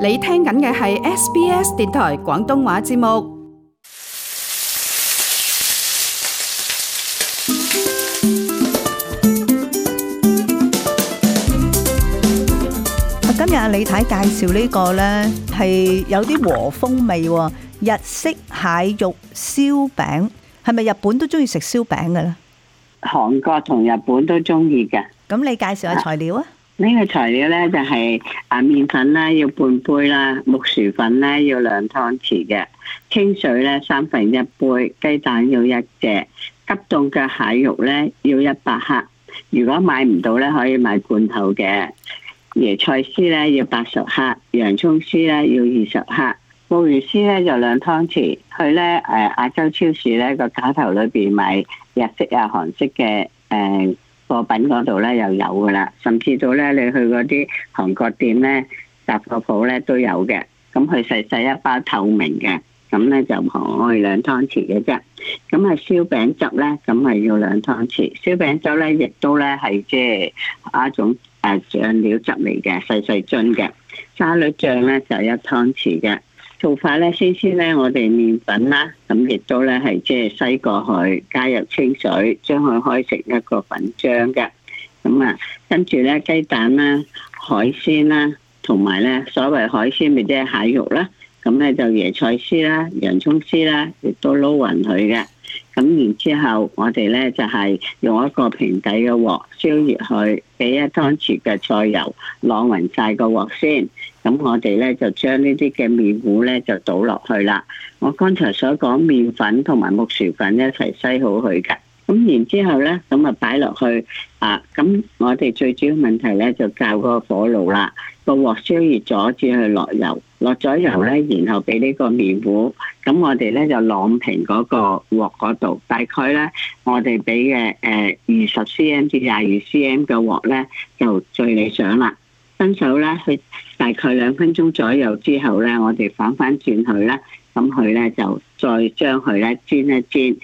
你聽緊嘅係 SBS 電台廣東話節目。今日阿李太介紹呢個呢，係有啲和風味，日式蟹肉燒餅，係咪日本都中意食燒餅㗎啦？韓國同日本都中意噶。咁你介紹下材料啊？呢個材料呢，就係啊，麵粉咧要半杯啦，木薯粉呢，要兩湯匙嘅，清水呢，三分一杯，雞蛋要一隻，急凍嘅蟹肉呢，要一百克，如果買唔到呢，可以買罐頭嘅，椰菜絲呢，要八十克，洋葱絲呢，要二十克，木魚絲呢，就兩湯匙，去咧誒亞洲超市呢，個架頭裏邊買日式啊韓式嘅誒。嗯貨品嗰度咧又有噶啦，甚至到咧你去嗰啲韓國店咧雜貨鋪咧都有嘅。咁佢細細一包透明嘅，咁咧就可以兩湯匙嘅啫。咁係燒餅汁咧，咁係要兩湯匙。燒餅汁咧，亦都咧係即係一種誒醬料汁嚟嘅，細細樽嘅沙律醬咧就一湯匙嘅。做法咧，先先咧，我哋麵粉啦，咁亦都咧係即係篩過去，加入清水，將佢開成一個粉漿嘅。咁啊，跟住咧雞蛋啦、海鮮啦，同埋咧所謂海鮮，咪即係蟹肉啦。咁咧就椰菜絲啦、洋蔥絲啦，亦都撈匀佢嘅。咁然之後我呢，我哋咧就係、是、用一個平底嘅鑊，燒熱佢，俾一湯匙嘅菜油，撈匀晒個鑊先。咁我哋咧就將呢啲嘅麵糊咧就倒落去啦。我剛才所講，麵粉同埋木薯粉一齊篩好佢㗎。咁然之後咧，咁啊擺落去啊。咁我哋最主要問題咧就較個火爐啦。個鑊燒熱咗先去落油，落咗油咧，然後俾呢個麵糊。咁我哋咧就晾平嗰個鑊嗰度。大概咧，我哋俾嘅誒二十 cm 至廿二 cm 嘅鑊咧就最理想啦。新手咧去。大概兩分鐘左右之後呢，我哋反翻轉佢啦。咁佢呢，就再將佢呢煎一煎，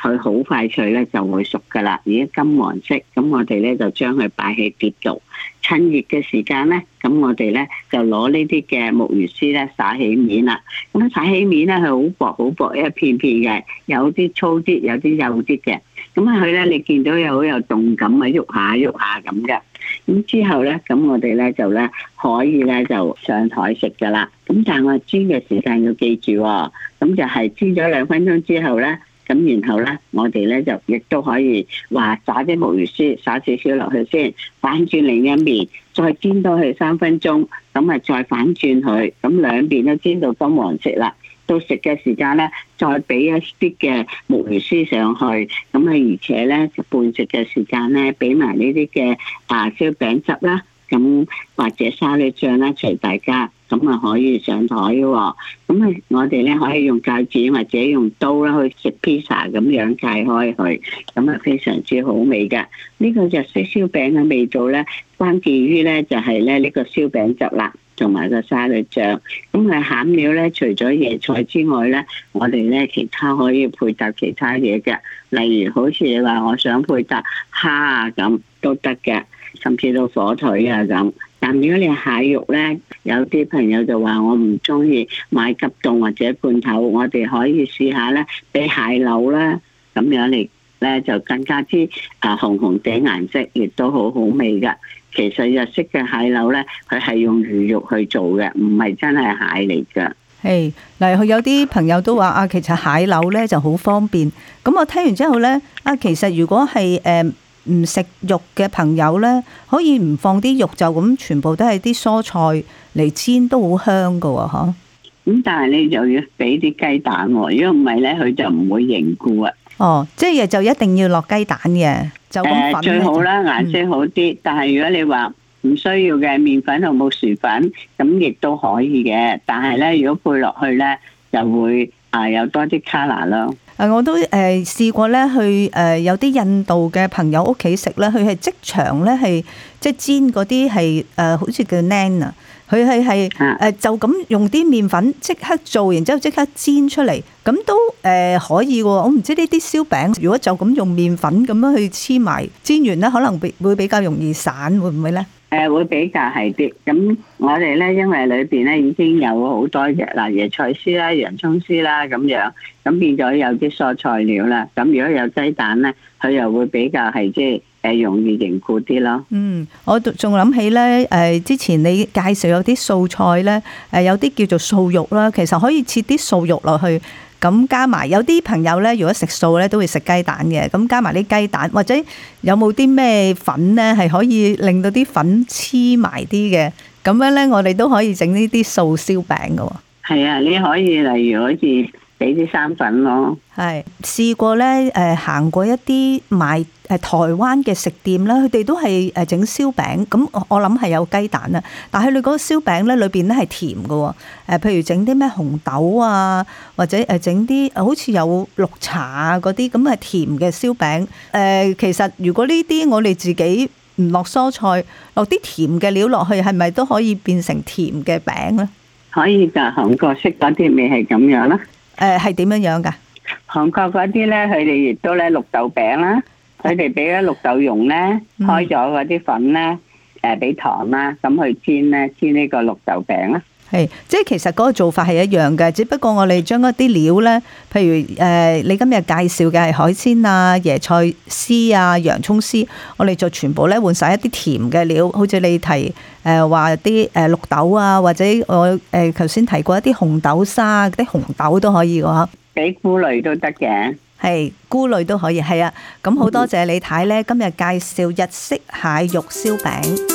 佢好快脆呢就會熟噶啦，已經金黃色。咁我哋呢，就將佢擺喺碟度，趁熱嘅時間呢。咁我哋呢，就攞呢啲嘅木魚絲呢，撒起面啦。咁撒起面呢，佢好薄好薄一片片嘅，有啲粗啲，有啲幼啲嘅。咁佢呢，你見到有好有動感啊，喐下喐下咁嘅。咁之後呢，咁我哋呢就呢可以呢就上台食噶啦。咁但我煎嘅時間要記住，咁就係煎咗兩分鐘之後呢。咁然後呢，我哋呢就亦都可以話撒啲木魚絲，撒少少落去先，反轉另一面，再煎多佢三分鐘，咁啊再反轉佢，咁兩邊都煎到金黃色啦。到食嘅時間咧，再俾一啲嘅木魚絲上去，咁啊，而且咧半食嘅時間咧，俾埋呢啲嘅啊燒餅汁啦，咁或者沙律醬啦，隨大家，咁啊可以上枱喎。咁啊，我哋咧可以用筷子或者用刀啦去食披薩咁樣切開佢，咁啊非常之好味噶。呢個日式燒餅嘅味道咧，關鍵於咧就係咧呢個燒餅汁啦。同埋個沙律醬，咁佢餡料咧，除咗椰菜之外咧，我哋咧其他可以配搭其他嘢嘅，例如好似你話，我想配搭蝦啊咁都得嘅，甚至到火腿啊咁。但如果你蟹肉咧，有啲朋友就話我唔中意買急凍或者罐頭，我哋可以試下咧，俾蟹柳啦咁樣嚟咧，就更加之啊紅紅嘅顏色，亦都好好味㗎。其實日式嘅蟹柳呢，佢係用魚肉去做嘅，唔係真係蟹嚟嘅。係嗱，佢有啲朋友都話啊，其實蟹柳呢就好方便。咁我聽完之後呢，啊，其實如果係誒唔食肉嘅朋友呢，可以唔放啲肉就，就咁全部都係啲蔬菜嚟煎，都好香嘅喎、哦，嚇。咁但係你就要俾啲雞蛋喎、哦，如果唔係呢，佢就唔會凝固啊。哦，即係就一定要落雞蛋嘅，呃、就咁粉。最好啦，嗯、顏色好啲。但係如果你話唔需要嘅麵粉同木薯粉，咁亦都可以嘅。但係呢，如果配落去呢，就會啊有多啲 colour 咯我都誒試過咧去誒有啲印度嘅朋友屋企食呢，佢係即場呢，係即係煎嗰啲係誒好似叫 nana。佢係係誒就咁用啲麵粉即刻做，然之後即刻煎出嚟，咁都誒可以喎。我唔知呢啲燒餅，如果就咁用麵粉咁樣去黐埋，煎完可能會比較容易散，會唔會呢？誒會比較係啲，咁我哋咧因為裏邊咧已經有好多嘢，嗱，椰菜絲啦、洋葱絲啦咁樣，咁變咗有啲蔬菜料啦。咁如果有雞蛋咧，佢又會比較係即係誒容易凝固啲咯。嗯，我仲諗起咧誒，之前你介紹有啲素菜咧，誒有啲叫做素肉啦，其實可以切啲素肉落去。咁加埋有啲朋友咧，如果食素咧，都會食雞蛋嘅。咁加埋啲雞蛋，或者有冇啲咩粉咧，係可以令到啲粉黐埋啲嘅。咁樣咧，我哋都可以整呢啲素燒餅㗎喎。係啊，你可以，例如好似。俾啲生粉咯，係試過咧，誒、呃、行過一啲賣誒台灣嘅食店啦，佢哋都係誒整燒餅，咁我我諗係有雞蛋啦。但係你嗰個燒餅咧，裏邊咧係甜噶，誒，譬如整啲咩紅豆啊，或者誒整啲好似有綠茶啊嗰啲，咁啊甜嘅燒餅。誒、呃，其實如果呢啲我哋自己唔落蔬菜，落啲甜嘅料落去，係咪都可以變成甜嘅餅咧？可以噶，韓國式嗰啲味係咁樣啦。誒，係點樣樣噶？韓國嗰啲咧，佢哋亦都咧綠豆餅啦，佢哋俾咗綠豆蓉咧，嗯、開咗嗰啲粉咧，誒，俾糖啦，咁去煎咧，煎呢個綠豆餅啦。係，即係其實嗰個做法係一樣嘅，只不過我哋將一啲料呢，譬如、誒、呃，你今日介紹嘅係海鮮啊、椰菜絲啊、洋蔥絲，我哋就全部呢換晒一啲甜嘅料，好似你提誒話啲誒綠豆啊，或者我誒頭先提過一啲紅豆沙，啲紅豆可都可以嘅嗬，菇類都得嘅，係菇類都可以，係啊，咁好多謝李太呢今日介紹日式蟹肉燒餅。